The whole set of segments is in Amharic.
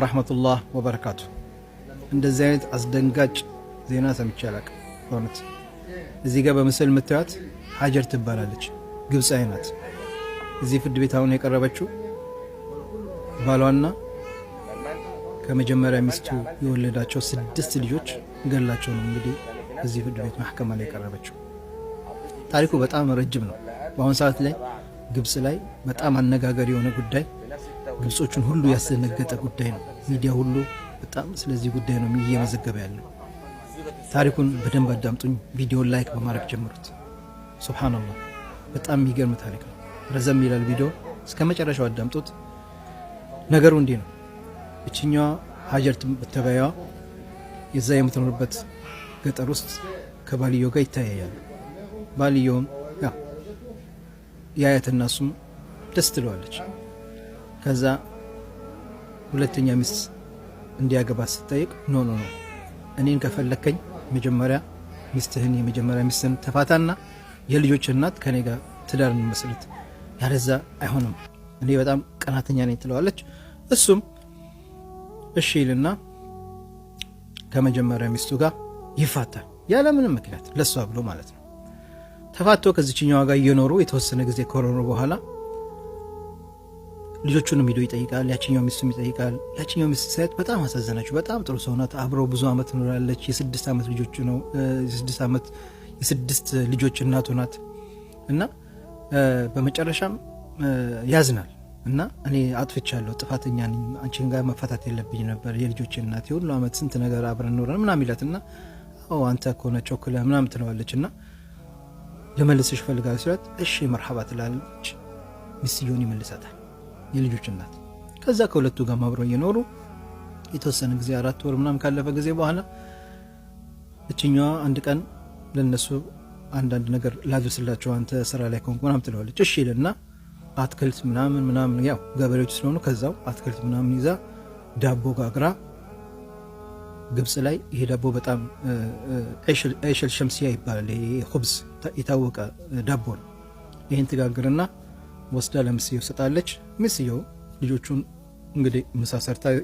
ወረሕመቱላህ ወበረካቱ። እንደዚህ አይነት አስደንጋጭ ዜና ሰምቼ አላቅም በእውነት። እዚህ ጋር በምስል የምታዩት ሀጀር ትባላለች፣ ግብፃዊ ናት። እዚህ ፍርድ ቤት አሁን የቀረበችው ባሏና ከመጀመሪያ ሚስቱ የወለዳቸው ስድስት ልጆች ገላቸው ነው። እንግዲህ እዚህ ፍርድ ቤት ማሕከማ ላይ የቀረበችው ታሪኩ በጣም ረጅም ነው። በአሁኑ ሰዓት ላይ ግብፅ ላይ በጣም አነጋገር የሆነ ጉዳይ ግብጾቹን ሁሉ ያስደነገጠ ጉዳይ ነው። ሚዲያ ሁሉ በጣም ስለዚህ ጉዳይ ነው እየመዘገበ ያለው። ታሪኩን በደንብ አዳምጡኝ። ቪዲዮን ላይክ በማድረግ ጀምሩት። ሱብሃነላህ በጣም የሚገርም ታሪክ ነው። ረዘም ይላል ቪዲዮ፣ እስከ መጨረሻው አዳምጡት። ነገሩ እንዲህ ነው። እችኛዋ ሀጀር ተባያዋ የዛ የምትኖርበት ገጠር ውስጥ ከባልዮ ጋር ይተያያሉ። ባልዮም ያያትና እሱም ደስ ትለዋለች። ከዛ ሁለተኛ ሚስት እንዲያገባ ስጠይቅ ኖ ኖ ኖ እኔን ከፈለከኝ መጀመሪያ ሚስትህን የመጀመሪያ ሚስትህን ተፋታና የልጆች እናት ከኔ ጋር ትዳር እንመስረት፣ ያለዛ አይሆንም፣ እኔ በጣም ቀናተኛ ነኝ ትለዋለች። እሱም እሺ ይልና ከመጀመሪያ ሚስቱ ጋር ይፋታል፣ ያለምንም ምክንያት ለሷ ብሎ ማለት ነው። ተፋቶ ከዚችኛዋ ጋር እየኖሩ የተወሰነ ጊዜ ከኖሩ በኋላ ልጆቹንም ሂዶ ይጠይቃል። ያችኛው ሚስቱም ይጠይቃል። ያችኛው ሚስት ሳያት በጣም አሳዘናችሁ። በጣም ጥሩ ሰውናት ናት። አብረው ብዙ ዓመት ኖራለች። የስድስት ዓመት ልጆቹ ነው የስድስት ዓመት የስድስት ልጆች እናቱ ናት። እና በመጨረሻም ያዝናል እና እኔ አጥፍቻለሁ፣ ጥፋተኛ አንቺን ጋር መፋታት የለብኝ ነበር፣ የልጆች እናት የሁሉ ዓመት ስንት ነገር አብረን ኖረን ምናም ይላት እና አንተ ከሆነ ቾክለ ምናም ትለዋለች እና ለመልስሽ ፈልጋ ሲላት እሺ መርሐባ ትላለች። ሚስዮን ይመልሳታል። የልጆች እናት። ከዛ ከሁለቱ ጋር አብረው እየኖሩ የተወሰነ ጊዜ አራት ወር ምናም ካለፈ ጊዜ በኋላ እችኛዋ አንድ ቀን ለነሱ አንዳንድ ነገር ላድርስላቸው አንተ ስራ ላይ ከሆንኩ ምናም ትለዋለች። እሺ ይልና አትክልት ምናምን ምናምን ያው ገበሬዎች ስለሆኑ ከዛው አትክልት ምናምን ይዛ ዳቦ ጋግራ ግብፅ ላይ ይሄ ዳቦ በጣም ሸል ሸምስያ ይባላል። ይሄ ሁብዝ የታወቀ ዳቦ ነው። ይህን ትጋግርና ወስዳ ለምስዮ ሰጣለች። ምስየው ልጆቹን እንግዲህ ምሳ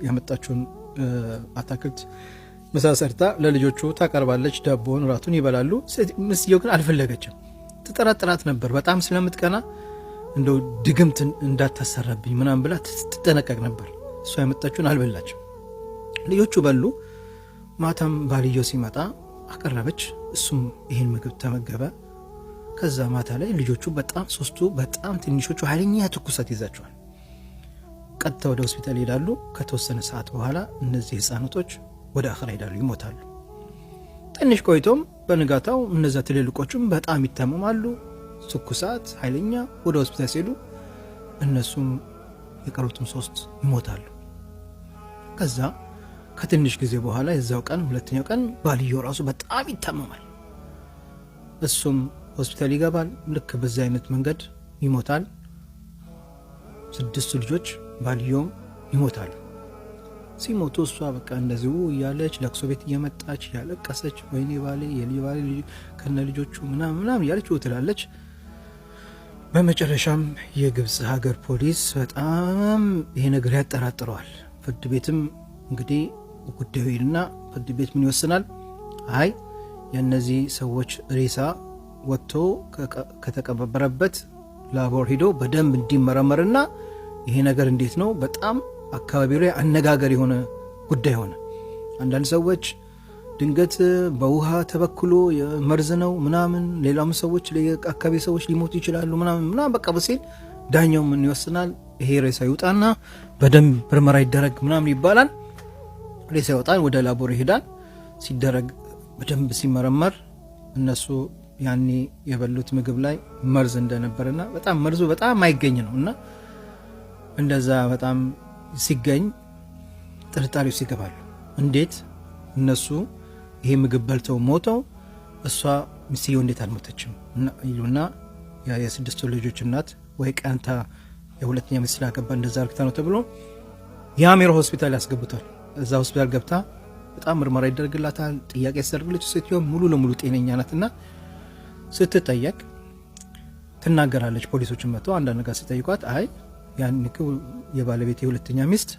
ያመጣችውን አታክልት ምሳ ለልጆቹ ታቀርባለች። ዳቦን እራቱን ይበላሉ። ምስየው ግን አልፈለገችም። ትጠራጥራት ነበር በጣም ስለምትቀና እንደው ድግምት እንዳታሰራብኝ ምናምን ብላ ትጠነቀቅ ነበር። እሷ ያመጣችውን አልበላችም። ልጆቹ በሉ። ማታም ባልየው ሲመጣ አቀረበች። እሱም ይህን ምግብ ተመገበ። ከዛ ማታ ላይ ልጆቹ በጣም ሶስቱ በጣም ትንሾቹ ኃይለኛ ትኩሳት ይዛቸዋል። ቀጥታ ወደ ሆስፒታል ይሄዳሉ። ከተወሰነ ሰዓት በኋላ እነዚህ ህፃናቶች ወደ አኸራ ይሄዳሉ፣ ይሞታሉ። ትንሽ ቆይቶም በንጋታው እነዛ ትልልቆቹም በጣም ይታመማሉ። ትኩሳት ኃይለኛ፣ ወደ ሆስፒታል ሲሄዱ እነሱም የቀሩትም ሶስት ይሞታሉ። ከዛ ከትንሽ ጊዜ በኋላ የዛው ቀን ሁለተኛው ቀን ባልየው ራሱ በጣም ይታመማል። እሱም ሆስፒታል ይገባል። ልክ በዚህ አይነት መንገድ ይሞታል። ስድስቱ ልጆች ባልየውም ይሞታሉ። ሲሞቱ እሷ በቃ እንደዚሁ እያለች ለቅሶ ቤት እየመጣች ያለቀሰች፣ ወይኔ ባሌ የኔ ባሌ ከነ ልጆቹ ምናምን ምናምን እያለች ትላለች። በመጨረሻም የግብፅ ሀገር ፖሊስ በጣም ይሄ ነገር ያጠራጥረዋል። ፍርድ ቤትም እንግዲህ ጉዳዩ ይልና ፍርድ ቤት ምን ይወስናል? አይ የእነዚህ ሰዎች ሬሳ ወጥቶ ከተቀበረበት ላቦር ሂዶ በደንብ እንዲመረመርና ይሄ ነገር እንዴት ነው በጣም አካባቢው ላይ አነጋገር የሆነ ጉዳይ ሆነ። አንዳንድ ሰዎች ድንገት በውሃ ተበክሎ መርዝ ነው ምናምን፣ ሌላም ሰዎች አካባቢ ሰዎች ሊሞቱ ይችላሉ ምናምን ምናምን በቃ በሴል ዳኛው ምን ይወስናል፣ ይሄ ሬሳ ይውጣና በደንብ ምርመራ ይደረግ ምናምን ይባላል። ሬሳ ይወጣል፣ ወደ ላቦር ይሄዳል። ሲደረግ በደንብ ሲመረመር እነሱ ያኔ የበሉት ምግብ ላይ መርዝ እንደነበርና በጣም መርዙ በጣም አይገኝ ነው እና እንደዛ በጣም ሲገኝ ጥርጣሬ ውስጥ ይገባሉ። እንዴት እነሱ ይሄ ምግብ በልተው ሞተው እሷ ሚስትየው እንዴት አልሞተችም ይሉና የስድስቱ ልጆች እናት ወይ ቀንታ የሁለተኛ ሚስት ስላገባ እንደዛ እርግታ ነው ተብሎ የአሜሮ ሆስፒታል ያስገቡታል። እዛ ሆስፒታል ገብታ በጣም ምርመራ ይደረግላታል። ጥያቄ ያስደርግለች ሴትዮ ሙሉ ለሙሉ ጤነኛ ናትና ስትጠየቅ ትናገራለች። ፖሊሶችን መጥተው አንዳንድ ነገር ሲጠይቋት አይ ያን የባለቤት የሁለተኛ ሚስት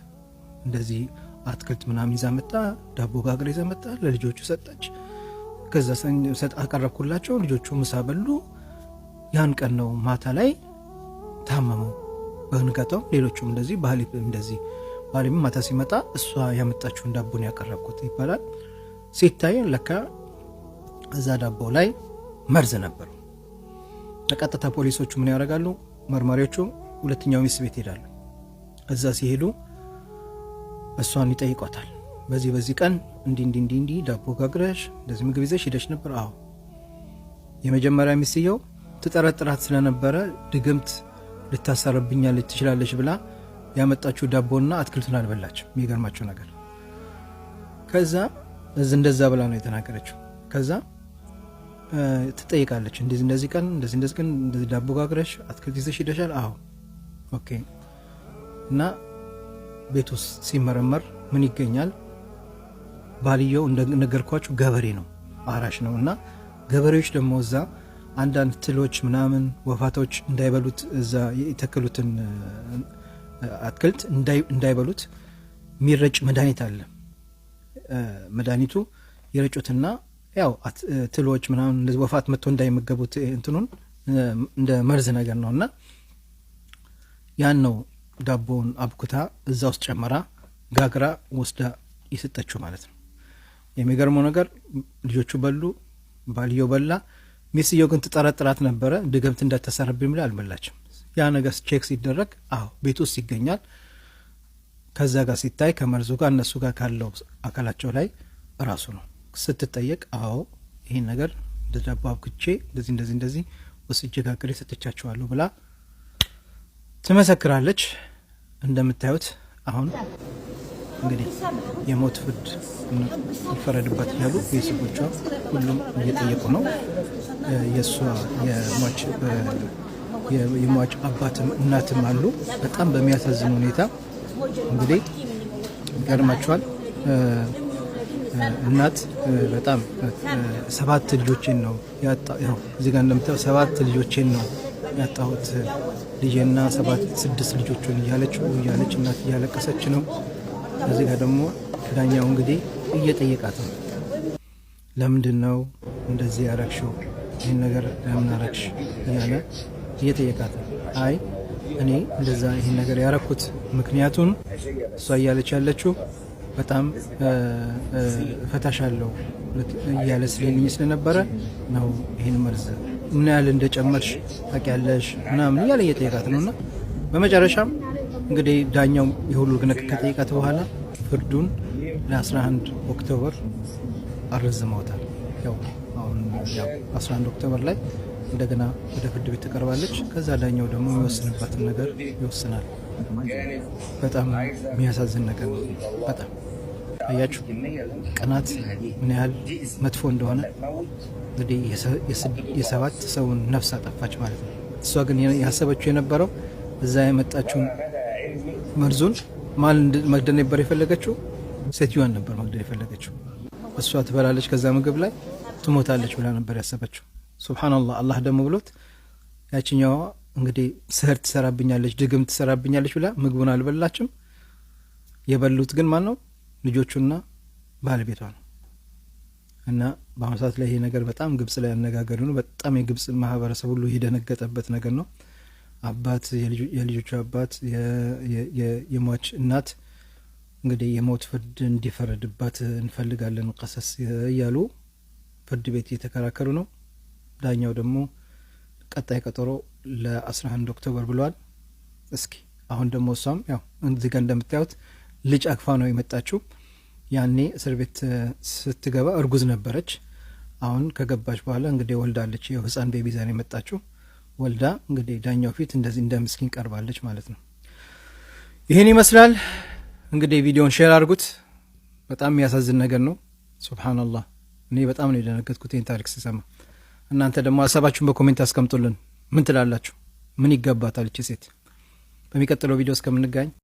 እንደዚህ አትክልት ምናምን ይዛ መጣ፣ ዳቦ ጋግር ይዛ መጣ፣ ለልጆቹ ሰጠች። ከዛ ሰጥ አቀረብኩላቸው፣ ልጆቹ ምሳ በሉ። ያን ቀን ነው ማታ ላይ ታመሙ። በንጋታው ሌሎቹም እንደዚህ ባህሊብ እንደዚህ ባህሊብም ማታ ሲመጣ እሷ ያመጣችውን ዳቦን ያቀረብኩት ይባላል። ሲታይ ለካ እዛ ዳቦ ላይ መርዝ ነበሩ በቀጥታ ፖሊሶቹ ምን ያደርጋሉ? መርማሪዎቹ ሁለተኛው ሚስት ቤት ይሄዳሉ። እዛ ሲሄዱ እሷን ይጠይቋታል። በዚህ በዚህ ቀን እንዲ እንዲ እንዲ እንዲ ዳቦ ጋግረሽ እንደዚህ ምግብ ይዘሽ ሄደሽ ነበር? አዎ። የመጀመሪያ ሚስየው ትጠረጥራት ስለነበረ ድግምት ልታሰርብኛለች ትችላለች ብላ ያመጣችው ዳቦና አትክልቱን አልበላች። የሚገርማቸው ነገር ከዛ እንደዛ ብላ ነው የተናገረችው። ከዛ ትጠይቃለች። እንደዚህ እንደዚህ ቀን እንደዚህ እንደዚህ ቀን እንደዚህ ዳቦ ጋግረሽ አትክልት ይዘሽ ሂደሻል? አዎ። ኦኬ። እና ቤት ውስጥ ሲመረመር ምን ይገኛል? ባልየው እንደነገርኳችሁ ገበሬ ነው፣ አራሽ ነው። እና ገበሬዎች ደግሞ እዛ አንዳንድ ትሎች ምናምን ወፋቶች እንዳይበሉት እዛ የተከሉትን አትክልት እንዳይበሉት የሚረጭ መድኃኒት አለ። መድኃኒቱ ይረጩትና ያው ትሎች ምናምን እንደዚህ ወፋት መጥቶ እንዳይመገቡት እንትኑን እንደ መርዝ ነገር ነው እና ያን ነው ዳቦውን አብኩታ እዛ ውስጥ ጨምራ ጋግራ ወስዳ የሰጠችው ማለት ነው። የሚገርመው ነገር ልጆቹ በሉ፣ ባልዮ በላ። ሚስትየው ግን ትጠረጥራት ነበረ፣ ድግምት እንዳተሰረብኝ ብላ አልበላችም። ያ ነገር ቼክ ሲደረግ አዎ ቤት ውስጥ ይገኛል። ከዛ ጋር ሲታይ ከመርዙ ጋር እነሱ ጋር ካለው አካላቸው ላይ ራሱ ነው። ስትጠየቅ አዎ ይህን ነገር እንደ ክቼ እንደዚህ እንደዚህ እንደዚህ ወስጄ ጋግሬ ሰጥቻቸዋለሁ ብላ ትመሰክራለች። እንደምታዩት አሁን እንግዲህ የሞት ፍርድ ይፈረድባት እያሉ ቤተሰቦቿ ሁሉም እየጠየቁ ነው። የእሷ የሟች አባትም እናትም አሉ። በጣም በሚያሳዝን ሁኔታ እንግዲህ ይቀድማቸዋል። እናት በጣም ሰባት ልጆቼን ነው እዚህ ጋር እንደምታየው ሰባት ልጆቼን ነው ያጣሁት ልጄና ሰባት ስድስት ልጆቹን እያለች እያለች እናት እያለቀሰች ነው። እዚህ ጋር ደግሞ ዳኛው እንግዲህ እየጠየቃት ነው። ለምንድን ነው እንደዚህ ያረግሽው? ይህን ነገር ለምን አረግሽ? እያለ እየጠየቃት ነው። አይ እኔ እንደዛ ይህን ነገር ያረኩት ምክንያቱን እሷ እያለች ያለችው በጣም ፈታሻለሁ እያለ ስለልኝ ስለነበረ ነው ይህን መርዝ ምን ያህል እንደጨመርሽ ታውቂያለሽ ምናምን እያለ እየጠየቃት ነው እና በመጨረሻም እንግዲህ ዳኛው የሁሉ ግነክ ከጠየቃት በኋላ ፍርዱን ለ11 ኦክቶበር አረዝመውታል። ያው አሁን 11 ኦክቶበር ላይ እንደገና ወደ ፍርድ ቤት ትቀርባለች። ከዛ ዳኛው ደግሞ የሚወስንባትን ነገር ይወስናል። በጣም የሚያሳዝን ነገር ነው። በጣም አያችሁ ቅናት ምን ያህል መጥፎ እንደሆነ። እንግዲህ የሰባት ሰውን ነፍስ አጠፋች ማለት ነው። እሷ ግን ያሰበችው የነበረው እዛ የመጣችውን መርዙን ማን መግደል ነበር የፈለገችው? ሴትዮዋን ነበር መግደል የፈለገችው። እሷ ትበላለች ከዛ ምግብ ላይ ትሞታለች ብላ ነበር ያሰበችው። ሱብሓነላህ። አላህ ደግሞ ብሎት ያችኛዋ እንግዲህ ስህር ትሰራብኛለች፣ ድግም ትሰራብኛለች ብላ ምግቡን አልበላችም። የበሉት ግን ማን ነው? ልጆቹና ባለቤቷ ነው። እና በአሁኑ ሰዓት ላይ ይሄ ነገር በጣም ግብጽ ላይ ያነጋገሩ ነው። በጣም የግብጽ ማህበረሰብ ሁሉ የደነገጠበት ነገር ነው። አባት የልጆቹ አባት የሟች እናት እንግዲህ የሞት ፍርድ እንዲፈረድባት እንፈልጋለን ቀሰስ እያሉ ፍርድ ቤት እየተከራከሩ ነው። ዳኛው ደግሞ ቀጣይ ቀጠሮ ለ11 ኦክቶበር ብለዋል። እስኪ አሁን ደግሞ እሷም ያው እዚህ ጋር እንደምታዩት ልጅ አቅፋ ነው የመጣችው። ያኔ እስር ቤት ስትገባ እርጉዝ ነበረች። አሁን ከገባች በኋላ እንግዲህ ወልዳለች። ይኸው ህፃን ቤቢ ዘን የመጣችው። ወልዳ እንግዲህ ዳኛው ፊት እንደዚህ እንደ ምስኪን ቀርባለች ማለት ነው። ይህን ይመስላል እንግዲህ። ቪዲዮን ሼር አድርጉት። በጣም የሚያሳዝን ነገር ነው። ሱብሓነላህ እኔ በጣም ነው የደነገጥኩት ይህን ታሪክ ስሰማ። እናንተ ደግሞ ሀሳባችሁን በኮሜንት አስቀምጡልን። ምን ትላላችሁ? ምን ይገባታል እቺ ሴት? በሚቀጥለው ቪዲዮ እስከምንገናኝ